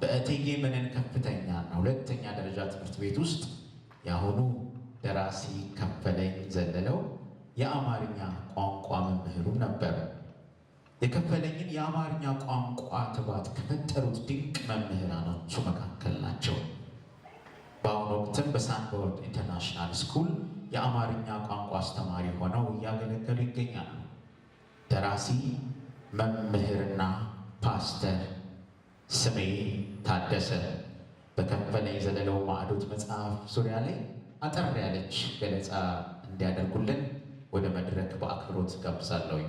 በእቴጌ መነን ከፍተኛ እና ሁለተኛ ደረጃ ትምህርት ቤት ውስጥ የአሁኑ ደራሲ ከፈለኝ ዘለለው የአማርኛ ቋንቋ መምህሩ ነበር። የከፈለኝን የአማርኛ ቋንቋ ትባት ከፈጠሩት ድንቅ መምህራኖቹ መካከል ናቸው። በአሁኑ ወቅትም በሳንቦርድ ኢንተርናሽናል ስኩል የአማርኛ ቋንቋ አስተማሪ ሆነው እያገለገሉ ይገኛሉ። ደራሲ መምህርና ፓስተር ስሜ ታደሰ በከፈለኝ ዘለለው ማዕዶት መጽሐፍ ዙሪያ ላይ አጠር ያለች ገለጻ እንዲያደርጉልን ወደ መድረክ በአክብሮት ጋብዛለሁኝ።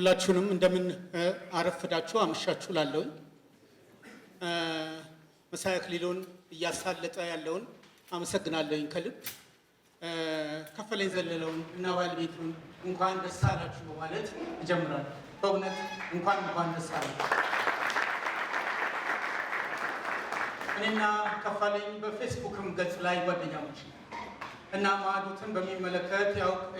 ሁላችሁንም እንደምን አረፍዳችሁ አመሻችሁ ላለው መሳይ አክሊሉን እያሳለጠ ያለውን አመሰግናለሁኝ ከልብ ከፈለኝ ዘለለውን እና ባለቤቱን እንኳን ደስ አላችሁ በማለት እጀምራለሁ። በእውነት እንኳን እንኳን ደስ አላችሁ። እኔና ከፋለኝ በፌስቡክም ገጽ ላይ ጓደኛሞች እና ማዕዶትን በሚመለከት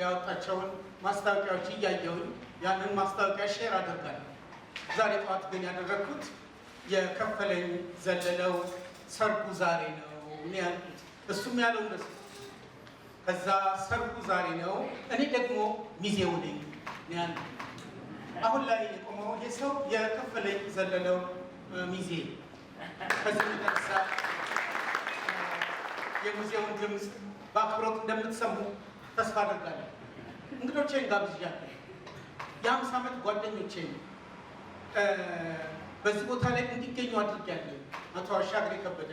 ያወጣቸውን ማስታወቂያዎች እያየሁኝ ያንን ማስታወቂያ ሼር አደርጋለሁ። ዛሬ ጠዋት ግን ያደረግኩት የከፈለኝ ዘለለው ሰርጉ ዛሬ ነው ያልኩት፣ እሱም ያለው እንደሱ። ከዛ ሰርጉ ዛሬ ነው፣ እኔ ደግሞ ሚዜው ነኝ ያል አሁን ላይ የቆመው ይህ ሰው የከፈለኝ ዘለለው ሚዜ ከዚህ የተነሳ የሙዚየውን ድምፅ በአክብሮት እንደምትሰሙ ተስፋ አደርጋለሁ። እንግዶቼን ጋብዣለሁ። የአምስት ዓመት ጓደኞቼን በዚህ ቦታ ላይ እንዲገኙ አድርጊያለሁ። አቶ አሻግሬ ከበደ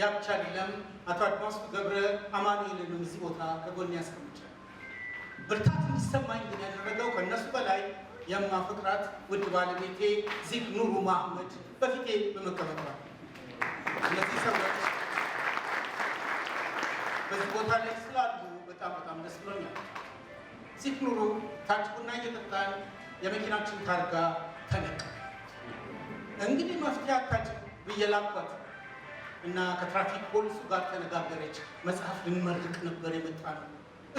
ያብቻ ሌለም አቶ አድማሱ ገብረ አማኑኤልንም እዚህ ቦታ ከጎን ያስቀምጫል። ብርታት እንዲሰማኝ ግን ያደረገው ከእነሱ በላይ የማፍቅራት ውድ ባለቤቴ ዚግ ኑሩ ማህመድ በፊቴ በመቀመጥ እነዚህ ሰዎች በዚህ ቦታ ላይ ስላሉ በጣም በጣም ደስ ብሎኛል። እዚህ ኑሩ ታች ቡና እየጠጣን የመኪናችን ታርጋ ተነቀ። እንግዲህ መፍትሄ አታጭም ብዬ ላኳት እና ከትራፊክ ፖሊሱ ጋር ተነጋገረች። መጽሐፍ ልንመርቅ ነበር የመጣ ነው።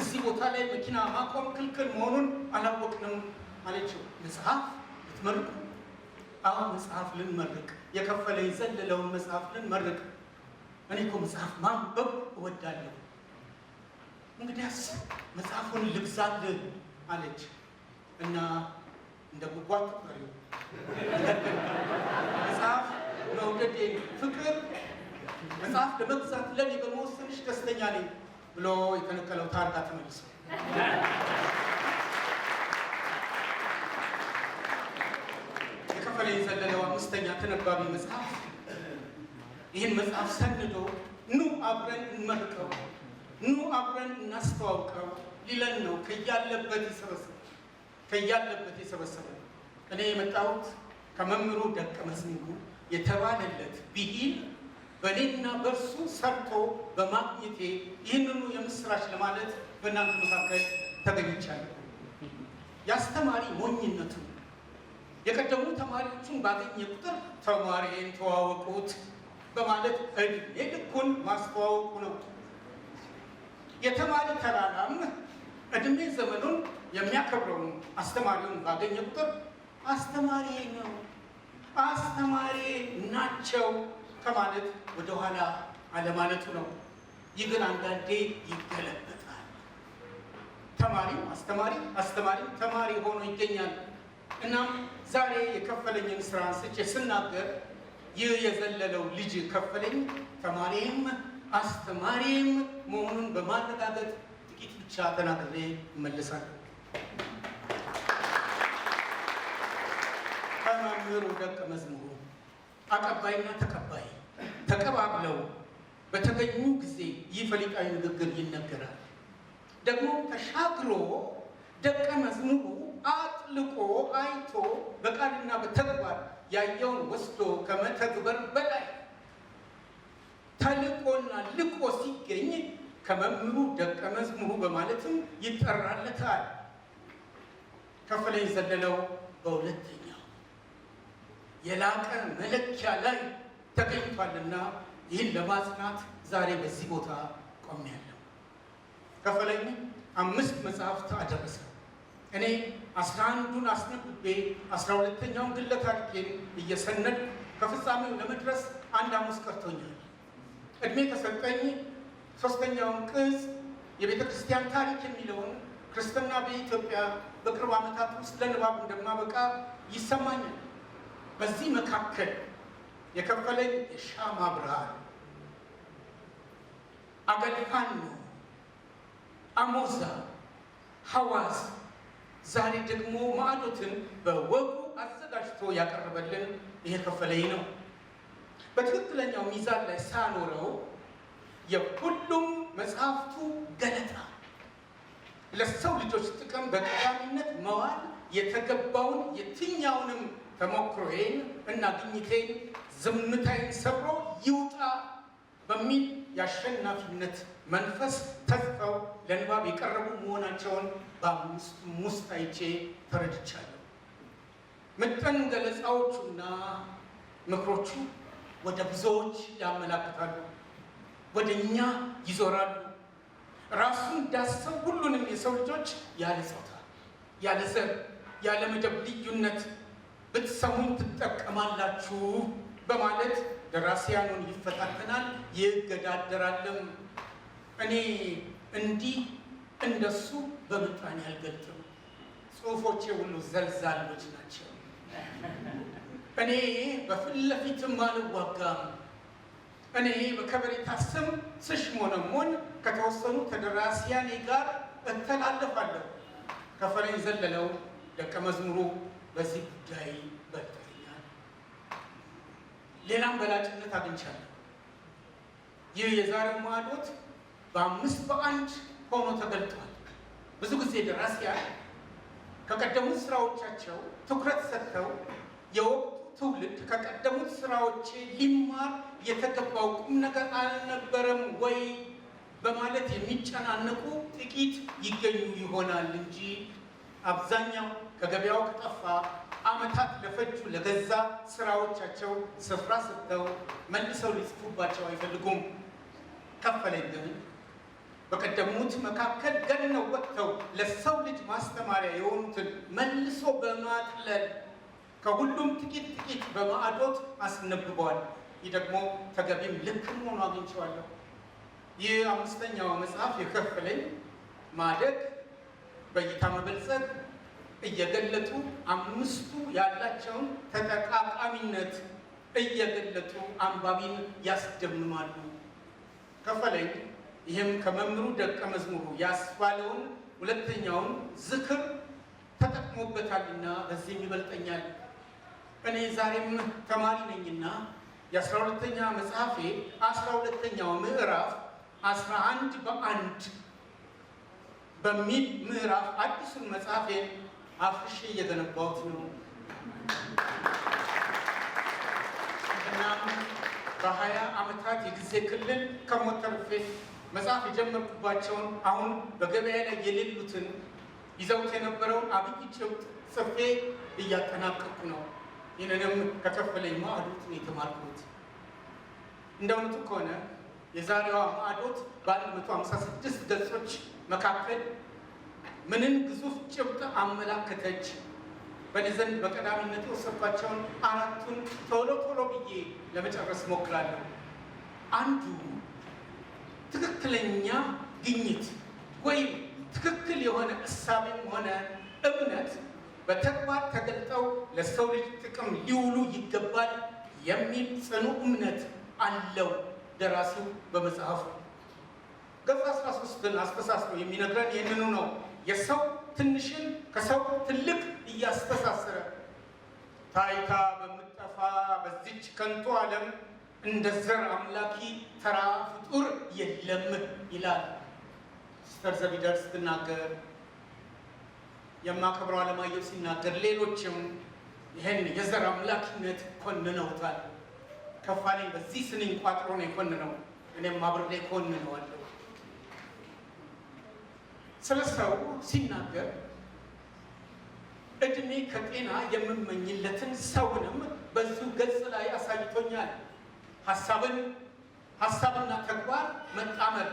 እዚህ ቦታ ላይ መኪና ማቆም ክልክል መሆኑን አላወቅንም አለችው። መጽሐፍ ልትመርቁ? አሁ መጽሐፍ ልንመርቅ፣ የከፈለ የዘለለውን መጽሐፍ ልንመርቅ። እኔ እኮ መጽሐፍ ማንበብ እወዳለሁ እንግዲያስ መጽሐፉን ልብዛል አለች እና እንደ ጉጓት ፍሬው መጽሐፍ መውደዴ ፍቅር መጽሐፍ ለመግዛት ለኔ በመወሰንሽ ደስተኛ ነኝ ብሎ የተነቀለው ታርጋ ተመልሶ የከፈለ የዘለለው አምስተኛ ተነባቢ መጽሐፍ ይህን መጽሐፍ ሰንዶ ኑ አብረን እንመርቀው ኑ አብረን እናስተዋውቀው ሊለን ነው። ከያለበት ይሰበሰብ ከያለበት የሰበሰበ እኔ የመጣሁት ከመምህሩ ደቀ መዝሙሩ የተባለለት ብሂል በእኔና በእርሱ ሰርቶ በማግኘቴ ይህንኑ የምስራች ለማለት በእናንተ መካከል ተገኝቻለሁ። የአስተማሪ ሞኝነቱ የቀደሙ ተማሪዎቹን ባገኘ ቁጥር ተማሪን ተዋወቁት በማለት እድሜ ልኩን ማስተዋወቁ ነው። የተማሪ ተራራም እድሜ ዘመኑን የሚያከብረውን አስተማሪውን ባገኘ ቁጥር አስተማሪ ነው አስተማሪ ናቸው ከማለት ወደኋላ አለማለቱ ነው። ይህ ግን አንዳንዴ ይገለበጣል። ተማሪም አስተማሪ፣ አስተማሪ ተማሪ ሆኖ ይገኛል። እናም ዛሬ የከፈለኝን ስራ አንስቼ ስናገር ይህ የዘለለው ልጅ ከፈለኝ ተማሪም አስተማሪም መሆኑን በማረጋገጥ ጥቂት ብቻ ተናግሬ እመልሳለሁ። ከመምህሩ ደቀ መዝሙሩ አቀባይና ተቀባይ ተቀባብለው በተገኙ ጊዜ ይህ ፈሊጣዊ ንግግር ይነገራል። ደግሞ ተሻግሮ ደቀ መዝሙሩ አጥልቆ አይቶ በቃልና በተግባር ያየውን ወስዶ ከመተግበር በላይ ተልቆና ልቆ ሲገኝ ከመምህሩ ደቀ መዝሙሩ በማለትም ይጠራለታል። ከፍለኝ ዘለለው በሁለተኛው የላቀ መለኪያ ላይ ተገኝቷልና ይህን ለማጽናት ዛሬ በዚህ ቦታ ቆሜያለሁ። ከፍለኝ አምስት መጽሐፍት አደረሰ። እኔ አስራ አንዱን አስነብቤ አስራ ሁለተኛውን ግለ እየሰነድ ከፍጻሜው ለመድረስ አንድ ሐሙስ ቀርቶኛል። እድሜ ተሰጠኝ ሶስተኛውን ቅጽ የቤተ ክርስቲያን ታሪክ የሚለውን ክርስትና በኢትዮጵያ በቅርብ ዓመታት ውስጥ ለንባብ እንደማበቃ ይሰማኛል። በዚህ መካከል የከፈለኝ የሻማ ብርሃን አገልፋኖ፣ አሞዛ፣ ሐዋሳ ዛሬ ደግሞ ማዕዶትን በወጉ አዘጋጅቶ ያቀረበልን ይሄ ከፈለኝ ነው። በትክክለኛው ሚዛን ላይ ሳኖረው የሁሉም መጽሐፍቱ ገለጣ ለሰው ልጆች ጥቅም በቀዳሚነት መዋል የተገባውን የትኛውንም ተሞክሮዬን እና ግኝቴን ዝምታዬን ሰብሮ ይውጣ በሚል የአሸናፊነት መንፈስ ተጽፈው ለንባብ የቀረቡ መሆናቸውን በአምስቱም ውስጥ አይቼ ተረድቻለሁ። ምጥን ገለጻዎቹና ምክሮቹ ወደ ብዙዎች ያመላክታሉ፣ ወደ እኛ ይዞራሉ። ራሱን ዳሰው ሁሉንም የሰው ልጆች ያለ ጾታ፣ ያለ ዘር፣ ያለ መደብ ልዩነት ብትሰሙኝ ትጠቀማላችሁ በማለት ደራሲያኑን ይፈታተናል፣ ይገዳደራልም። እኔ እንዲህ እንደሱ በምጣኔ አልገልጥም። ጽሁፎቼ ሁሉ ዘልዛሎች ናቸው። እኔ በፊት ለፊትም አልዋጋም። እኔ በከበሬታ ስም ስሽሞነሞን ከተወሰኑ ተደራሲያኔ ጋር እተላለፋለሁ። ከፈረኝ ዘለለው ደቀ መዝሙሩ በዚህ ጉዳይ በልጦኛል። ሌላም በላጭነት አግኝቻለሁ። ይህ የዛሬ ማዕዶት በአምስት በአንድ ሆኖ ተገልጧል። ብዙ ጊዜ ደራሲያን ከቀደሙት ስራዎቻቸው ትኩረት ሰጥተው የወቅ ትውልድ ከቀደሙት ስራዎች ሊማር የተገባው ቁም ነገር አልነበረም ወይ በማለት የሚጨናነቁ ጥቂት ይገኙ ይሆናል እንጂ አብዛኛው ከገበያው ከጠፋ ዓመታት ለፈጁ ለገዛ ስራዎቻቸው ስፍራ ሰጥተው መልሰው ሊጽፉባቸው አይፈልጉም። ከፈለኝ ግን በቀደሙት መካከል ገነው ወጥተው ለሰው ልጅ ማስተማሪያ የሆኑትን መልሶ በማጥለል ከሁሉም ጥቂት ጥቂት በማዕዶት አስነብበዋል። ይህ ደግሞ ተገቢም ልክ መሆኑ አግኝቼዋለሁ። ይህ አምስተኛው መጽሐፍ የከፈለኝ ማደግ በእይታ መበልጸግ እየገለጡ አምስቱ ያላቸውን ተጠቃቃሚነት እየገለጡ አንባቢን ያስደምማሉ። ከፈለኝ ይህም ከመምህሩ ደቀ መዝሙሩ ያስባለውን ሁለተኛውን ዝክር ተጠቅሞበታልና በዚህ ይበልጠኛል። እኔ ዛሬም ተማሪ ነኝና የአስራ ሁለተኛ መጽሐፌ አስራ ሁለተኛው ምዕራፍ አስራ አንድ በአንድ በሚል ምዕራፍ አዲሱን መጽሐፌ አፍርሼ እየገነባሁት ነው። እናም በሀያ ዓመታት የጊዜ ክልል ከሞት ተርፌ መጽሐፍ የጀመርኩባቸውን አሁን በገበያ ላይ የሌሉትን ይዘውት የነበረውን አብይ ጭብጥ ጽፌ እያጠናቀቁ ነው። ይህንንም ከከፈለኝ ማዕዶት ነው የተማርኩት። እንደ እውነቱ ከሆነ የዛሬዋ ማዕዶት በአንድ መቶ ሃምሳ ስድስት ገጾች መካከል ምንን ግዙፍ ጭብጥ አመላከተች? በእኔ ዘንድ በቀዳሚነት የወሰድኳቸውን አራቱን ቶሎ ቶሎ ብዬ ለመጨረስ እሞክራለሁ። አንዱ ትክክለኛ ግኝት ወይም ትክክል የሆነ እሳቤም ሆነ እምነት በተግባር ተገልጠው ለሰው ልጅ ጥቅም ሊውሉ ይገባል የሚል ጽኑ እምነት አለው ደራሲው በመጽሐፉ። ገጽ 13ን አስተሳስሮ የሚነግረን ይህንኑ ነው። የሰው ትንሽን ከሰው ትልቅ እያስተሳሰረ ታይታ በምጠፋ በዚች ከንቱ ዓለም እንደ ዘር አምላኪ ተራ ፍጡር የለም ይላል ሲስተር ዘቢደር ስትናገር የማከብረው አለማየሁ ሲናገር ሌሎችም ይህን የዘር አምላኪነት ኮንነውታል። ከፋለኝ በዚህ ስንኝ ቋጥሮ ነው የኮንነው፣ እኔም አብሬ ኮንነዋለሁ። ስለ ሰው ሲናገር እድሜ ከጤና የምመኝለትን ሰውንም በዙ ገጽ ላይ አሳይቶኛል። ሀሳብን ሀሳብና ተግባር መጣመር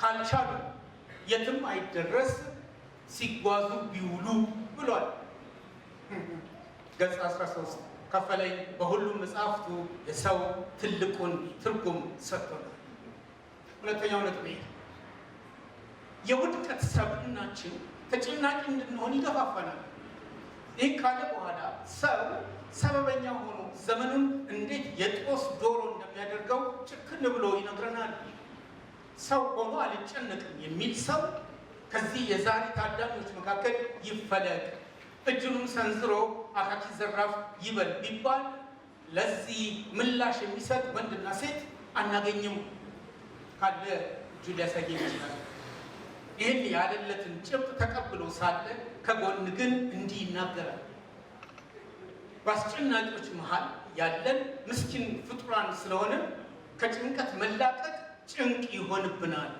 ካልቻሉ የትም አይደረስ ሲጓዙ ቢውሉ ብሏል። ገጽ 13 ከፈለኝ በሁሉም መጽሐፍቱ የሰው ትልቁን ትርጉም ሰጥቶናል። ሁለተኛው ነጥብ የውድቀት ሰብዕናችን ተጨናቂ እንድንሆን ይገፋፋናል። ይህ ካለ በኋላ ሰው ሰበበኛ ሆኖ ዘመኑን እንዴት የጦስ ዶሮ እንደሚያደርገው ጭክን ብሎ ይነግረናል። ሰው ሆኖ አልጨነቅም የሚል ሰው ከዚህ የዛሬ ታዳሚዎች መካከል ይፈለግ እጅሩን ሰንዝሮ አካኪ ዘራፍ ይበል ቢባል ለዚህ ምላሽ የሚሰጥ ወንድና ሴት አናገኝም። ካለ እጁ ሊያሳየ ይችላል። ይህን ያለለትን ጭብጥ ተቀብሎ ሳለ ከጎን ግን እንዲህ ይናገራል። በአስጨናቂዎች መሀል ያለን ምስኪን ፍጡራን ስለሆነ ከጭንቀት መላቀቅ ጭንቅ ይሆንብናል።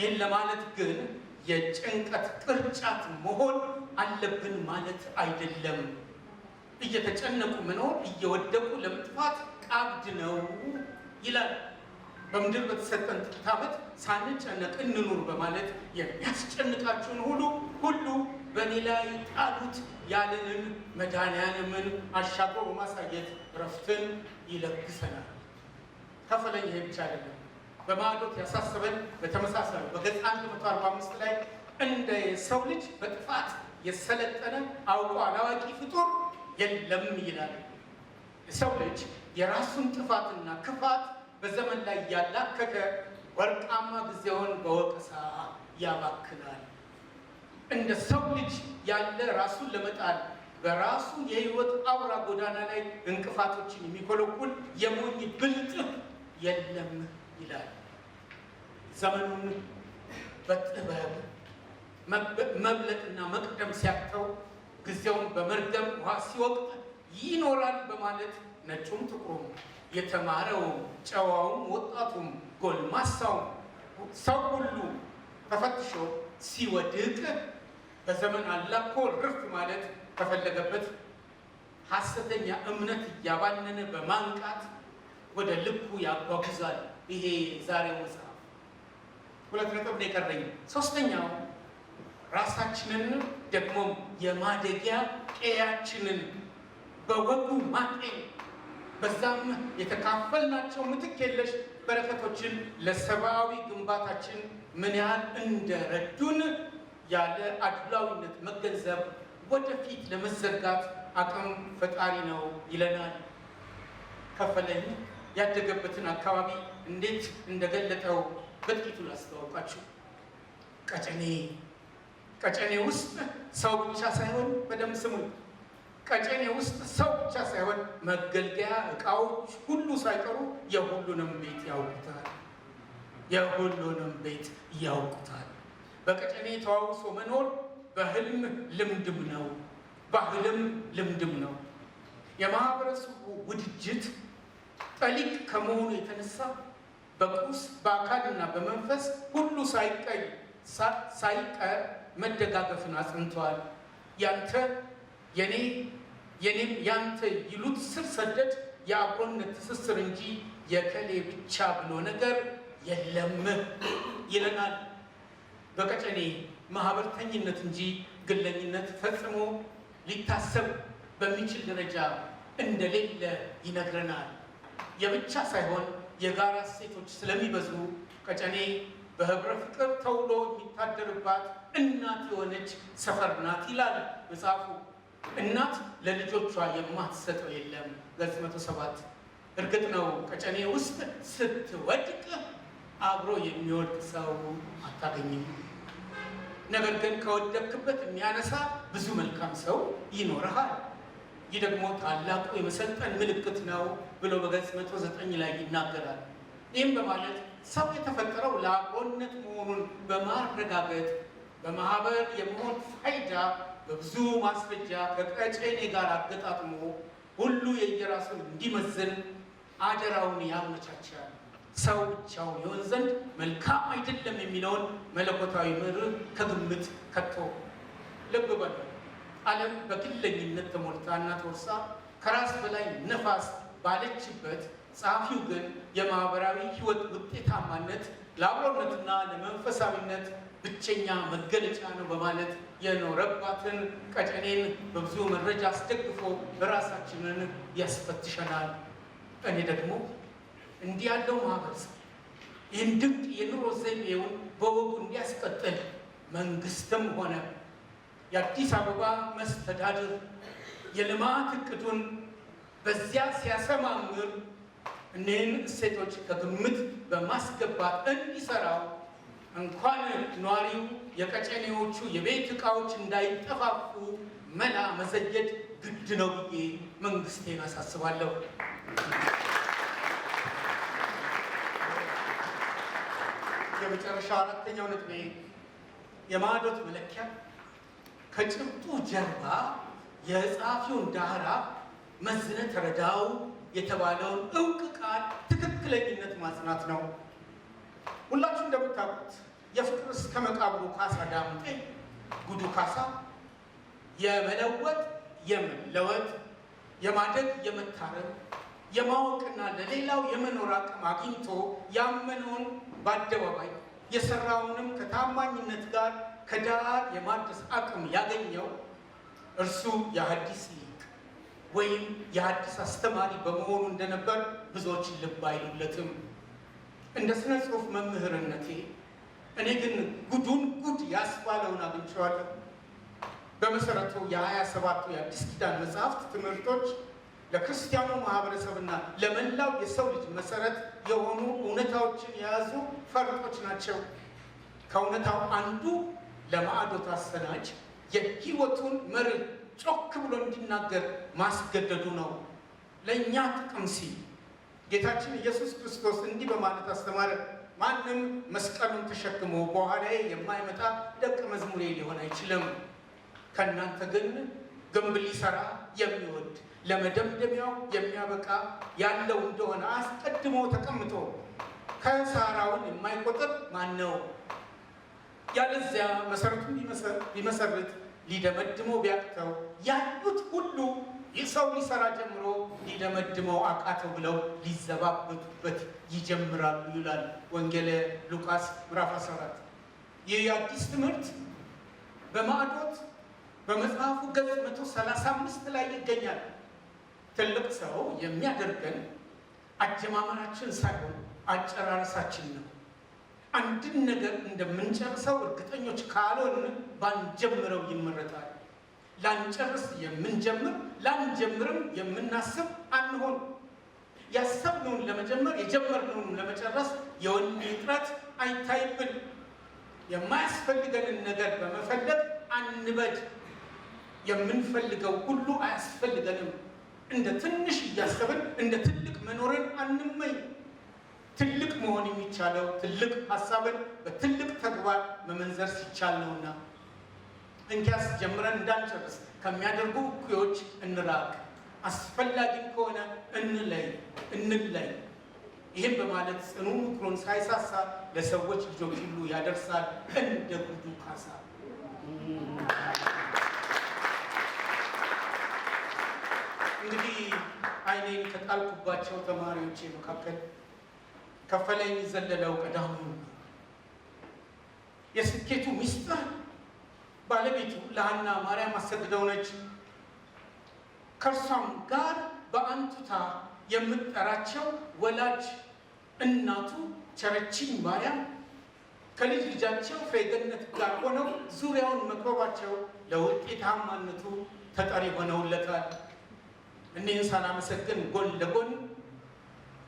ይህን ለማለት ግን የጭንቀት ቅርጫት መሆን አለብን ማለት አይደለም። እየተጨነቁ መኖር እየወደቁ ለመጥፋት ቀብድ ነው ይላል። በምድር በተሰጠን ጥቂት ዓመት ሳንጨነቅ እንኑር በማለት የሚያስጨንቃችሁን ሁሉ ሁሉ በእኔ ላይ ጣሉት ያለንን መድኃኒዓለምን አሻግሮ በማሳየት እረፍትን ይለግሰናል። ከፈለኝ ይሄ ብቻ አይደለም። በማዕዶት ያሳስበን በተመሳሳይ በገጽ 145 ላይ እንደ የሰው ልጅ በጥፋት የሰለጠነ አውቆ አላዋቂ ፍጡር የለም ይላል። የሰው ልጅ የራሱን ጥፋትና ክፋት በዘመን ላይ ያላከከ ወርቃማ ጊዜውን በወቀሳ ያባክናል። እንደ ሰው ልጅ ያለ ራሱን ለመጣል በራሱ የህይወት አውራ ጎዳና ላይ እንቅፋቶችን የሚኮለኩል የሞኝ ብልጥ የለም ይላል። ዘመኑን በጥበብ መብለጥና መቅደም ሲያቅተው ጊዜውን በመርገም ውሃ ሲወቅጥ ይኖራል በማለት ነጩም ጥቁሩም የተማረውም ጨዋውም ወጣቱም ጎልማሳውም ሰው ሁሉ ተፈትሾ ሲወድቅ በዘመን አላኮ ርፍ ማለት ተፈለገበት። ሐሰተኛ እምነት እያባነነ በማንቃት ወደ ልኩ ያጓጉዛል። ይሄ ዛሬው ሁለት ነጥብ ነው የቀረኝ። ሶስተኛው ራሳችንን ደግሞ የማደጊያ ቀያችንን በወጉ ማጤ በዛም የተካፈልናቸው ምትክ የለሽ በረከቶችን ለሰብአዊ ግንባታችን ምን ያህል እንደረዱን ያለ አድሏዊነት መገንዘብ ወደፊት ለመዘርጋት አቅም ፈጣሪ ነው ይለናል። ከፈለኝ ያደገበትን አካባቢ እንዴት እንደገለጠው በጥቂቱ ላስተዋውቃችሁ። ቀጨኔ ቀጨኔ ውስጥ ሰው ብቻ ሳይሆን በደም ስሙ። ቀጨኔ ውስጥ ሰው ብቻ ሳይሆን መገልገያ እቃዎች ሁሉ ሳይቀሩ የሁሉንም ቤት ያውቁታል። የሁሉንም ቤት ያውቁታል። በቀጨኔ ተዋውሶ መኖር በህልም ልምድም ነው፣ ባህልም ልምድም ነው። የማህበረሰቡ ውድጅት ጠሊቅ ከመሆኑ የተነሳ በቁስ በአካልና በመንፈስ ሁሉ ሳይቀይ ሳይቀር መደጋገፍን አጽንተዋል። ያንተ የኔ የኔም ያንተ ይሉት ስር ሰደድ የአብሮነት ትስስር እንጂ የከሌ ብቻ ብሎ ነገር የለም ይለናል። በቀጨኔ ማህበርተኝነት እንጂ ግለኝነት ፈጽሞ ሊታሰብ በሚችል ደረጃ እንደሌለ ይነግረናል። የብቻ ሳይሆን የጋራ እሴቶች ስለሚበዙ ቀጨኔ በህብረ ፍቅር ተውሎ የሚታደርባት እናት የሆነች ሰፈር ናት ይላል መጽሐፉ። እናት ለልጆቿ የማትሰጠው የለም። ገጽ መቶ ሰባት እርግጥ ነው ቀጨኔ ውስጥ ስትወድቅ አብሮ የሚወድቅ ሰው አታገኝም። ነገር ግን ከወደቅክበት የሚያነሳ ብዙ መልካም ሰው ይኖርሃል። ይህ ደግሞ ታላቁ የመሰልጠን ምልክት ነው ብሎ በገጽ 109 ላይ ይናገራል። ይህም በማለት ሰው የተፈጠረው ለአብሮነት መሆኑን በማረጋገጥ በማህበር የመሆን ፋይዳ በብዙ ማስረጃ ከቀጨኔ ጋር አገጣጥሞ ሁሉ የየራሱ እንዲመዝን አደራውን ያመቻቻል። ሰው ብቻውን ይሆን ዘንድ መልካም አይደለም የሚለውን መለኮታዊ ምርህ ከግምት ከቶ ልብ ዓለም በግለኝነት ተሞልታና ተወርሳ ከራስ በላይ ነፋስ ባለችበት ጸሐፊው ግን የማህበራዊ ህይወት ውጤታማነት ለአብሮነትና ለመንፈሳዊነት ብቸኛ መገለጫ ነው በማለት የኖረባትን ቀጨኔን በብዙ መረጃ አስደግፎ ራሳችንን ያስፈትሸናል። እኔ ደግሞ እንዲህ ያለው ማህበረሰብ ይህን ድንቅ የኑሮ ዘይቤውን በወጉ እንዲያስቀጥል መንግስትም ሆነ የአዲስ አበባ መስተዳድር የልማት እቅዱን በዚያ ሲያሰማምር እኔን እሴቶች ከግምት በማስገባት እንዲሰራው እንኳን ነዋሪው የቀጨኔዎቹ የቤት ዕቃዎች እንዳይጠፋፉ መላ መዘየድ ግድ ነው ብዬ መንግስቴን አሳስባለሁ። የመጨረሻ አራተኛው ነጥቤ የማዕዶት መለኪያ ከጭብጡ ጀርባ የጸሐፊውን ዳራ መዝነ ተረዳው የተባለውን እውቅ ቃል ትክክለኝነት ማጽናት ነው። ሁላችሁ እንደምታውቁት የፍቅር እስከ መቃብሩ ካሳ ዳምጤ ጉዱ ካሳ የመለወጥ የመለወጥ የማደግ የመታረም የማወቅና ለሌላው የመኖር አቅም አግኝቶ ያመነውን በአደባባይ የሰራውንም ከታማኝነት ጋር ከዳር የማድረስ አቅም ያገኘው እርሱ የሐዲስ ሊቅ ወይም የሐዲስ አስተማሪ በመሆኑ እንደነበር ብዙዎች ልብ አይሉለትም። እንደ ስነ ጽሑፍ መምህርነቴ እኔ ግን ጉዱን ጉድ ያስባለውን አግኝቼዋለሁ። በመሰረቱ የሀያ ሰባቱ የአዲስ ኪዳን መጽሐፍት ትምህርቶች ለክርስቲያኑ ማህበረሰብና ለመላው የሰው ልጅ መሰረት የሆኑ እውነታዎችን የያዙ ፈርጦች ናቸው። ከእውነታው አንዱ ለማዕዶት አሰናጅ የህይወቱን መሪ ጮክ ብሎ እንዲናገር ማስገደዱ ነው። ለእኛ ጥቅም ሲል ጌታችን ኢየሱስ ክርስቶስ እንዲህ በማለት አስተማረ። ማንም መስቀሉን ተሸክሞ በኋላ የማይመጣ ደቀ መዝሙሬ ሊሆን አይችልም። ከእናንተ ግን ግንብ ሊሰራ የሚወድ ለመደምደሚያው የሚያበቃ ያለው እንደሆነ አስቀድሞ ተቀምጦ ከሳራውን የማይቆጥር ማን ነው? ያለዚያ መሰረቱን ቢመሰርት ሊደመድመው ቢያቅተው ያሉት ሁሉ ሰው ሊሰራ ጀምሮ ሊደመድመው አቃተው ብለው ሊዘባበቱበት ይጀምራሉ ይላል ወንጌለ ሉቃስ ምዕራፍ 14። ይህ የአዲስ ትምህርት በማዕዶት በመጽሐፉ ገጽ 135 ላይ ይገኛል። ትልቅ ሰው የሚያደርገን አጀማመራችን ሳይሆን አጨራረሳችን ነው። አንድን ነገር እንደምንጨርሰው እርግጠኞች ካልሆን ባንጀምረው ይመረጣል። ላንጨርስ የምንጀምር ላንጀምርም የምናስብ አንሆን። ያሰብነውን ለመጀመር የጀመርነውን ለመጨረስ የወኔ ጥረት አይታይብን። የማያስፈልገንን ነገር በመፈለግ አንበድ። የምንፈልገው ሁሉ አያስፈልገንም። እንደ ትንሽ እያሰብን እንደ ትልቅ መኖርን አንመኝ። ትልቅ መሆን የሚቻለው ትልቅ ሀሳብን በትልቅ ተግባር መመንዘር ሲቻል ነውና እንኪያስ ጀምረን እንዳንጨርስ ከሚያደርጉ እኩዮች እንራቅ፣ አስፈላጊም ከሆነ እንለይ እንለይ። ይህም በማለት ጽኑ ምክሩን ሳይሳሳ ለሰዎች ልጆች ሁሉ ያደርሳል እንደ ጉዱ ካሳ። እንግዲህ አይኔን ከጣልኩባቸው ተማሪዎች መካከል ከፈለኝ ዘለለው ቀዳሚ የስኬቱ ምስጢር ባለቤቱ ለሐና ማርያም አሰግደው ነች። ከእርሷም ጋር በአንቱታ የምትጠራቸው ወላጅ እናቱ ቸረችኝ ማርያም ከልጅ ልጃቸው ከየገነት ጋር ሆነው ዙሪያውን መክበባቸው ለውጤታማነቱ ተጠሪ ሆነውለታል። እኒህን ሳናመሰግን ጎን ለጎን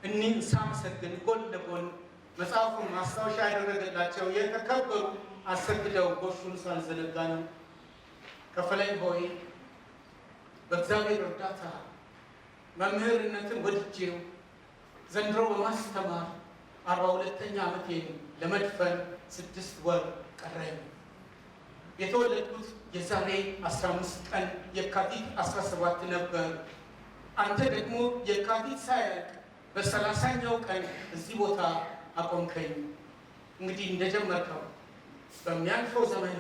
እኒህ ሳምሰግን ጎን ለጎን መጽሐፉን ማስታወሻ ያደረገላቸው የተከበሩ አሰግደው ጎሹን ሳልዘነጋ ነው። ከፈለኝ ሆይ በእግዚአብሔር እርዳታ መምህርነትን ወድጄው ዘንድሮ በማስተማር አርባ ሁለተኛ ዓመቴን ለመድፈን ስድስት ወር ቀረኝ። የተወለድኩት የዛሬ 15 ቀን የካቲት 17 ነበር። አንተ ደግሞ የካቲት ሳያልቅ በሰላሳኛው ቀን እዚህ ቦታ አቆምከኝ። እንግዲህ እንደጀመርከው በሚያልፈው ዘመን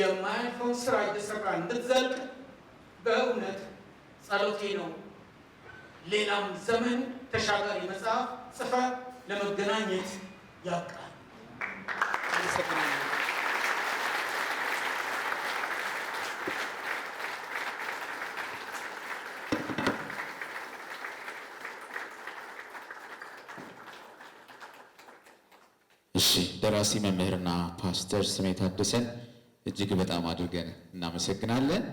የማያልፈውን ስራ እየሰራ እንድትዘልቅ በእውነት ጸሎቴ ነው። ሌላም ዘመን ተሻጋሪ መጽሐፍ ጽፈ ለመገናኘት ያብቃል። እሺ ደራሲ መምህርና ፓስተር ስሜ ታደሰን እጅግ በጣም አድርገን እናመሰግናለን።